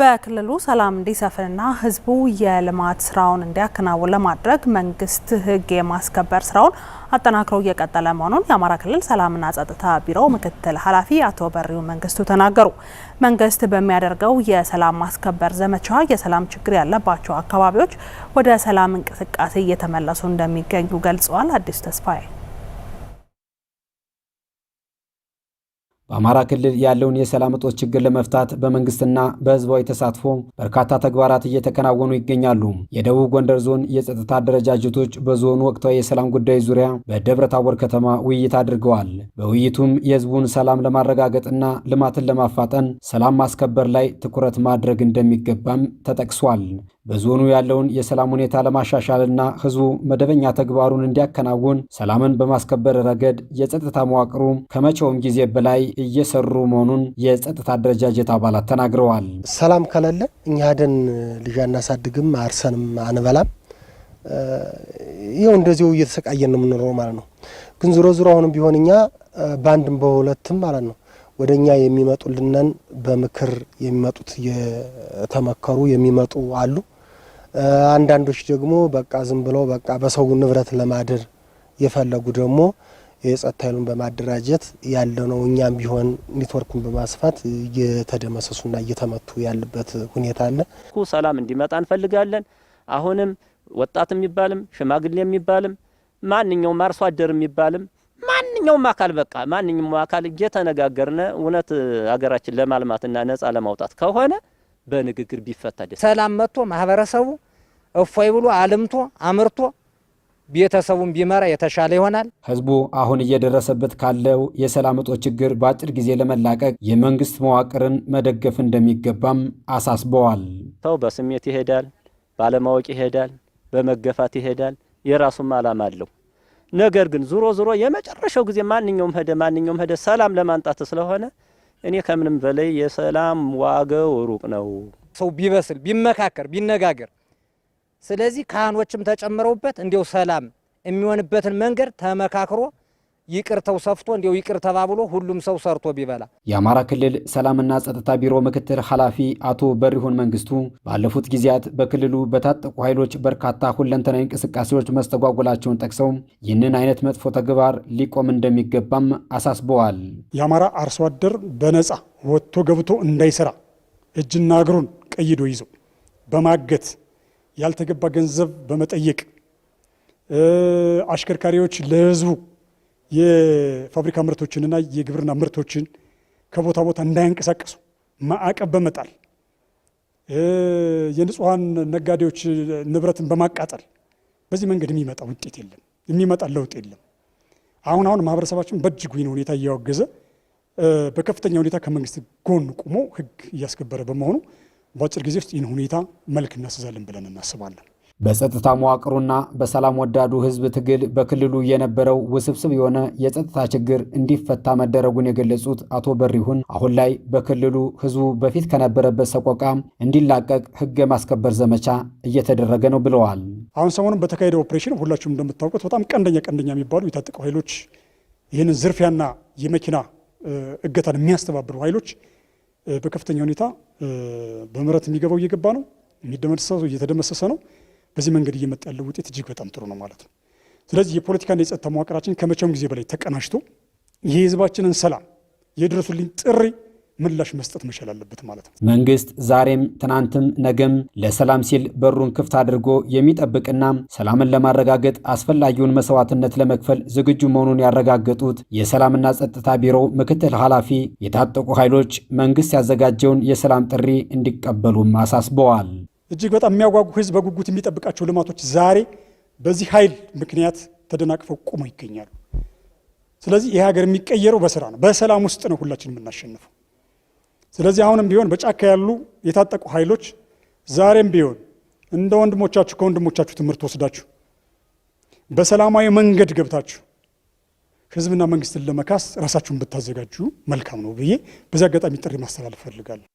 በክልሉ ሰላም እንዲሰፍንና ህዝቡ የልማት ስራውን እንዲያከናውን ለማድረግ መንግስት ህግ የማስከበር ስራውን አጠናክሮ እየቀጠለ መሆኑን የአማራ ክልል ሰላምና ጸጥታ ቢሮ ምክትል ኃላፊ አቶ በሪው መንግስቱ ተናገሩ። መንግስት በሚያደርገው የሰላም ማስከበር ዘመቻ የሰላም ችግር ያለባቸው አካባቢዎች ወደ ሰላም እንቅስቃሴ እየተመለሱ እንደሚገኙ ገልጸዋል። አዲሱ ተስፋዬ በአማራ ክልል ያለውን የሰላም እጦት ችግር ለመፍታት በመንግስትና በህዝባዊ ተሳትፎ በርካታ ተግባራት እየተከናወኑ ይገኛሉ። የደቡብ ጎንደር ዞን የጸጥታ አደረጃጀቶች በዞኑ ወቅታዊ የሰላም ጉዳይ ዙሪያ በደብረ ታቦር ከተማ ውይይት አድርገዋል። በውይይቱም የህዝቡን ሰላም ለማረጋገጥና ልማትን ለማፋጠን ሰላም ማስከበር ላይ ትኩረት ማድረግ እንደሚገባም ተጠቅሷል። በዞኑ ያለውን የሰላም ሁኔታ ለማሻሻልና ህዝቡ መደበኛ ተግባሩን እንዲያከናውን ሰላምን በማስከበር ረገድ የጸጥታ መዋቅሩ ከመቼውም ጊዜ በላይ እየሰሩ መሆኑን የጸጥታ አደረጃጀት አባላት ተናግረዋል። ሰላም ከሌለ እኛ ደን ልጅ አናሳድግም፣ አርሰንም አንበላም። ይኸው እንደዚሁ እየተሰቃየን ነው የምንኖረው ማለት ነው። ግን ዞሮ ዞሮ አሁንም ቢሆን እኛ በአንድም በሁለትም ማለት ነው ወደ እኛ የሚመጡልንን በምክር የሚመጡት የተመከሩ የሚመጡ አሉ። አንዳንዶች ደግሞ በቃ ዝም ብለው በቃ በሰው ንብረት ለማደር የፈለጉ ደግሞ የጸጥታ ኃይሉን በማደራጀት ያለ ነው። እኛም ቢሆን ኔትወርኩን በማስፋት እየተደመሰሱና እየተመቱ ያለበት ሁኔታ አለ። ሰላም እንዲመጣ እንፈልጋለን። አሁንም ወጣት የሚባልም ሽማግሌ የሚባልም ማንኛውም አርሶ አደር የሚባልም ማንኛውም አካል በቃ ማንኛውም አካል እየተነጋገርነ እውነት ሀገራችን ለማልማትና ነጻ ለማውጣት ከሆነ በንግግር ቢፈታ ደስ ሰላም መጥቶ ማህበረሰቡ እፎይ ብሎ አልምቶ አምርቶ ቤተሰቡን ቢመራ የተሻለ ይሆናል። ህዝቡ አሁን እየደረሰበት ካለው የሰላም እጦት ችግር በአጭር ጊዜ ለመላቀቅ የመንግስት መዋቅርን መደገፍ እንደሚገባም አሳስበዋል። ሰው በስሜት ይሄዳል፣ ባለማወቅ ይሄዳል፣ በመገፋት ይሄዳል። የራሱም አላማ አለው። ነገር ግን ዙሮ ዙሮ የመጨረሻው ጊዜ ማንኛውም ሄደ ማንኛውም ሄደ ሰላም ለማንጣት ስለሆነ እኔ ከምንም በላይ የሰላም ዋጋው ሩቅ ነው። ሰው ቢበስል ቢመካከር ቢነጋገር፣ ስለዚህ ካህኖችም ተጨምረውበት እንዲው ሰላም የሚሆንበትን መንገድ ተመካክሮ ይቅርተው ሰፍቶ እንዲው ይቅር ተባብሎ ሁሉም ሰው ሰርቶ ቢበላ። የአማራ ክልል ሰላምና ጸጥታ ቢሮ ምክትል ኃላፊ አቶ በሪሁን መንግስቱ ባለፉት ጊዜያት በክልሉ በታጠቁ ኃይሎች በርካታ ሁለንተናዊ እንቅስቃሴዎች መስተጓጎላቸውን ጠቅሰው ይህንን አይነት መጥፎ ተግባር ሊቆም እንደሚገባም አሳስበዋል። የአማራ አርሶ አደር በነፃ ወጥቶ ገብቶ እንዳይሰራ እጅና እግሩን ቀይዶ ይዞ በማገት ያልተገባ ገንዘብ በመጠየቅ አሽከርካሪዎች ለህዝቡ የፋብሪካ ምርቶችንና የግብርና ምርቶችን ከቦታ ቦታ እንዳያንቀሳቀሱ ማዕቀብ በመጣል የንጹሐን ነጋዴዎች ንብረትን በማቃጠል በዚህ መንገድ የሚመጣ ውጤት የለም፣ የሚመጣ ለውጥ የለም። አሁን አሁን ማህበረሰባችን በእጅጉ ይህን ሁኔታ እያወገዘ በከፍተኛ ሁኔታ ከመንግስት ጎን ቆሞ ህግ እያስከበረ በመሆኑ በአጭር ጊዜ ውስጥ ይህን ሁኔታ መልክ እናስዛለን ብለን እናስባለን። በጸጥታ መዋቅሩና በሰላም ወዳዱ ህዝብ ትግል በክልሉ የነበረው ውስብስብ የሆነ የጸጥታ ችግር እንዲፈታ መደረጉን የገለጹት አቶ በሪሁን አሁን ላይ በክልሉ ህዝቡ በፊት ከነበረበት ሰቆቃ እንዲላቀቅ ህግ የማስከበር ዘመቻ እየተደረገ ነው ብለዋል። አሁን ሰሞኑን በተካሄደው ኦፕሬሽን ሁላችሁም እንደምታውቁት በጣም ቀንደኛ ቀንደኛ የሚባሉ የታጠቁ ኃይሎች ይህንን ዝርፊያና የመኪና እገታን የሚያስተባብሩ ኃይሎች በከፍተኛ ሁኔታ በምህረት የሚገባው እየገባ ነው፣ የሚደመሰሰው እየተደመሰሰ ነው። በዚህ መንገድ እየመጣ ያለው ውጤት እጅግ በጣም ጥሩ ነው ማለት ነው። ስለዚህ የፖለቲካና የጸጥታ መዋቅራችን ከመቼውም ጊዜ በላይ ተቀናጅቶ የህዝባችንን ሰላም የድረሱልኝ ጥሪ ምላሽ መስጠት መቻል አለበት ማለት ነው። መንግስት ዛሬም ትናንትም ነገም ለሰላም ሲል በሩን ክፍት አድርጎ የሚጠብቅና ሰላምን ለማረጋገጥ አስፈላጊውን መስዋዕትነት ለመክፈል ዝግጁ መሆኑን ያረጋገጡት የሰላምና ጸጥታ ቢሮ ምክትል ኃላፊ የታጠቁ ኃይሎች መንግስት ያዘጋጀውን የሰላም ጥሪ እንዲቀበሉም አሳስበዋል። እጅግ በጣም የሚያጓጉ ህዝብ በጉጉት የሚጠብቃቸው ልማቶች ዛሬ በዚህ ኃይል ምክንያት ተደናቅፈው ቆመው ይገኛሉ። ስለዚህ ይህ ሀገር የሚቀየረው በስራ ነው። በሰላም ውስጥ ነው ሁላችን የምናሸንፈው። ስለዚህ አሁንም ቢሆን በጫካ ያሉ የታጠቁ ኃይሎች ዛሬም ቢሆን እንደ ወንድሞቻችሁ ከወንድሞቻችሁ ትምህርት ወስዳችሁ በሰላማዊ መንገድ ገብታችሁ ህዝብና መንግስትን ለመካስ ራሳችሁን ብታዘጋጁ መልካም ነው ብዬ በዚህ አጋጣሚ ጥሪ ማስተላለፍ እፈልጋለሁ።